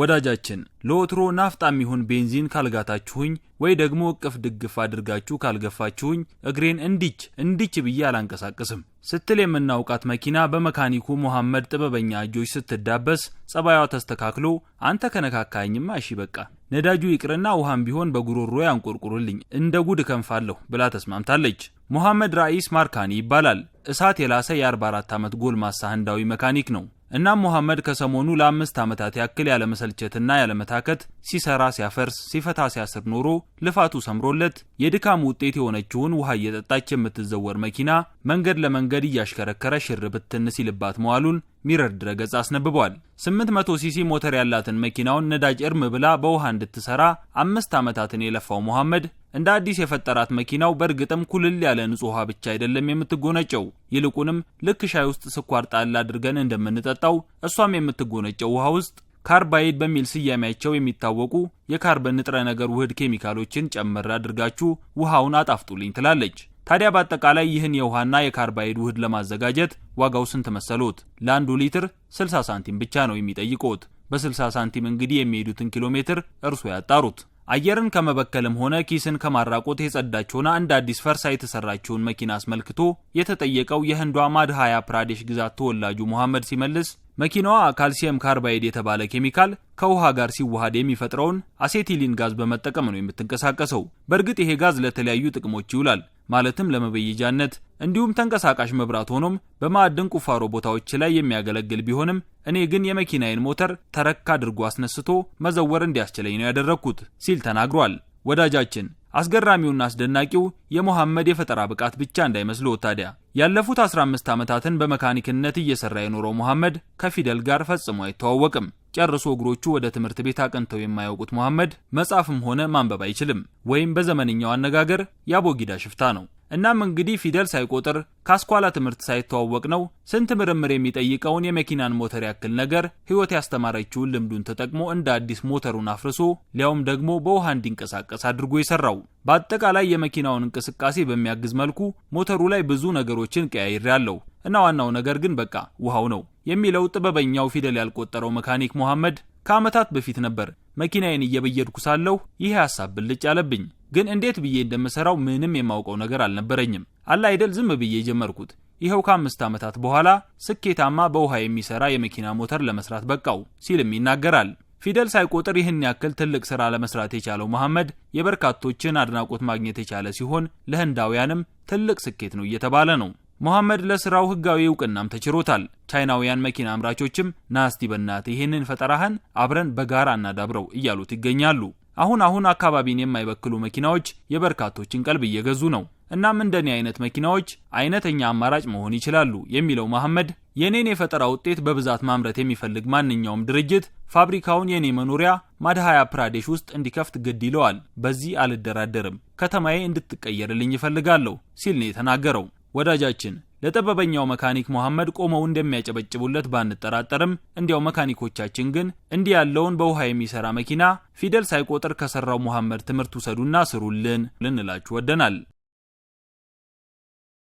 ወዳጃችን ለወትሮ ናፍጣ የሚሆን ቤንዚን ካልጋታችሁኝ ወይ ደግሞ እቅፍ ድግፍ አድርጋችሁ ካልገፋችሁኝ እግሬን እንዲች እንዲች ብዬ አላንቀሳቅስም ስትል የምናውቃት መኪና በመካኒኩ መሐመድ ጥበበኛ እጆች ስትዳበስ ጸባያዋ ተስተካክሎ አንተ ከነካካኝማ እሺ በቃ ነዳጁ ይቅርና ውሃም ቢሆን በጉሮሮ ያንቆርቁርልኝ እንደ ጉድ እከንፋለሁ ብላ ተስማምታለች። ሞሐመድ ራኢስ ማርካኒ ይባላል። እሳት የላሰ የ44 ዓመት ጎልማሳ ህንዳዊ መካኒክ ነው። እናም ሙሐመድ ከሰሞኑ ለአምስት ዓመታት ያክል ያለመሰልቸትና ያለመታከት ሲሰራ ሲያፈርስ ሲፈታ ሲያስር ኖሮ ልፋቱ ሰምሮለት የድካም ውጤት የሆነችውን ውሃ እየጠጣች የምትዘወር መኪና መንገድ ለመንገድ እያሽከረከረ ሽር ብትን ሲልባት መዋሉን ሚረር ድረገጽ አስነብቧል። 800 ሲሲ ሞተር ያላትን መኪናውን ነዳጅ እርም ብላ በውሃ እንድትሰራ አምስት ዓመታትን የለፋው ሙሐመድ እንደ አዲስ የፈጠራት መኪናው በእርግጥም ኩልል ያለ ንጹህ ውሃ ብቻ አይደለም የምትጎነጨው። ይልቁንም ልክ ሻይ ውስጥ ስኳር ጣል አድርገን እንደምንጠጣው እሷም የምትጎነጨው ውሃ ውስጥ ካርባይድ በሚል ስያሜያቸው የሚታወቁ የካርበን ንጥረ ነገር ውህድ ኬሚካሎችን ጨመር አድርጋችሁ ውሃውን አጣፍጡልኝ ትላለች። ታዲያ በአጠቃላይ ይህን የውሃና የካርባይድ ውህድ ለማዘጋጀት ዋጋው ስንት መሰሎት? ለአንዱ ሊትር 60 ሳንቲም ብቻ ነው የሚጠይቁት በ በ60 ሳንቲም እንግዲህ የሚሄዱትን ኪሎ ሜትር እርሶ ያጣሩት። አየርን ከመበከልም ሆነ ኪስን ከማራቆት የጸዳች ሆና እንደ አዲስ ፈርሳ የተሰራችውን መኪና አስመልክቶ የተጠየቀው የህንዷ ማድሃያ ፕራዴሽ ግዛት ተወላጁ መሐመድ ሲመልስ መኪናዋ ካልሲየም ካርባይድ የተባለ ኬሚካል ከውሃ ጋር ሲዋሃድ የሚፈጥረውን አሴቲሊን ጋዝ በመጠቀም ነው የምትንቀሳቀሰው። በእርግጥ ይሄ ጋዝ ለተለያዩ ጥቅሞች ይውላል። ማለትም ለመበየጃነት እንዲሁም ተንቀሳቃሽ መብራት ሆኖም በማዕድን ቁፋሮ ቦታዎች ላይ የሚያገለግል ቢሆንም እኔ ግን የመኪናዬን ሞተር ተረክ አድርጎ አስነስቶ መዘወር እንዲያስችለኝ ነው ያደረግኩት ሲል ተናግሯል። ወዳጃችን አስገራሚውና አስደናቂው የሞሐመድ የፈጠራ ብቃት ብቻ እንዳይመስልዎት ታዲያ። ያለፉት 15 ዓመታትን በመካኒክነት እየሰራ የኖረው ሞሐመድ ከፊደል ጋር ፈጽሞ አይተዋወቅም። ጨርሶ እግሮቹ ወደ ትምህርት ቤት አቅንተው የማያውቁት መሐመድ መጻፍም ሆነ ማንበብ አይችልም፣ ወይም በዘመንኛው አነጋገር የአቦጊዳ ሽፍታ ነው። እናም እንግዲህ ፊደል ሳይቆጥር ካስኳላ ትምህርት ሳይተዋወቅ ነው ስንት ምርምር የሚጠይቀውን የመኪናን ሞተር ያክል ነገር ሕይወት ያስተማረችውን ልምዱን ተጠቅሞ እንደ አዲስ ሞተሩን አፍርሶ ሊያውም ደግሞ በውሃ እንዲንቀሳቀስ አድርጎ የሰራው። በአጠቃላይ የመኪናውን እንቅስቃሴ በሚያግዝ መልኩ ሞተሩ ላይ ብዙ ነገሮችን ቀያይሬ አለው እና ዋናው ነገር ግን በቃ ውሃው ነው። የሚለው ጥበበኛው ፊደል ያልቆጠረው መካኒክ መሐመድ ከዓመታት በፊት ነበር መኪናዬን እየበየድኩ ሳለሁ ይህ ሀሳብ ብልጭ አለብኝ። ግን እንዴት ብዬ እንደምሰራው ምንም የማውቀው ነገር አልነበረኝም። አላ አይደል ዝም ብዬ ጀመርኩት። ይኸው ከአምስት ዓመታት በኋላ ስኬታማ በውሃ የሚሰራ የመኪና ሞተር ለመስራት በቃው ሲልም ይናገራል። ፊደል ሳይቆጥር ይህን ያክል ትልቅ ስራ ለመስራት የቻለው መሐመድ የበርካቶችን አድናቆት ማግኘት የቻለ ሲሆን ለህንዳውያንም ትልቅ ስኬት ነው እየተባለ ነው። ሞሐመድ ለስራው ህጋዊ እውቅናም ተችሮታል። ቻይናውያን መኪና አምራቾችም ናስቲ በናት ይሄንን ፈጠራህን አብረን በጋራ እናዳብረው እያሉት ይገኛሉ። አሁን አሁን አካባቢን የማይበክሉ መኪናዎች የበርካቶችን ቀልብ እየገዙ ነው። እናም እንደኔ አይነት መኪናዎች አይነተኛ አማራጭ መሆን ይችላሉ የሚለው መሐመድ የኔን የፈጠራ ውጤት በብዛት ማምረት የሚፈልግ ማንኛውም ድርጅት ፋብሪካውን የኔ መኖሪያ ማድሃያ ፕራዴሽ ውስጥ እንዲከፍት ግድ ይለዋል። በዚህ አልደራደርም፣ ከተማዬ እንድትቀየርልኝ ይፈልጋለሁ ሲል ነው የተናገረው። ወዳጃችን ለጠበበኛው መካኒክ መሐመድ ቆመው እንደሚያጨበጭቡለት ባንጠራጠርም እንዲያው መካኒኮቻችን ግን እንዲህ ያለውን በውሃ የሚሰራ መኪና ፊደል ሳይቆጥር ከሰራው መሐመድ ትምህርት ውሰዱና ስሩልን ልንላችሁ ወደናል።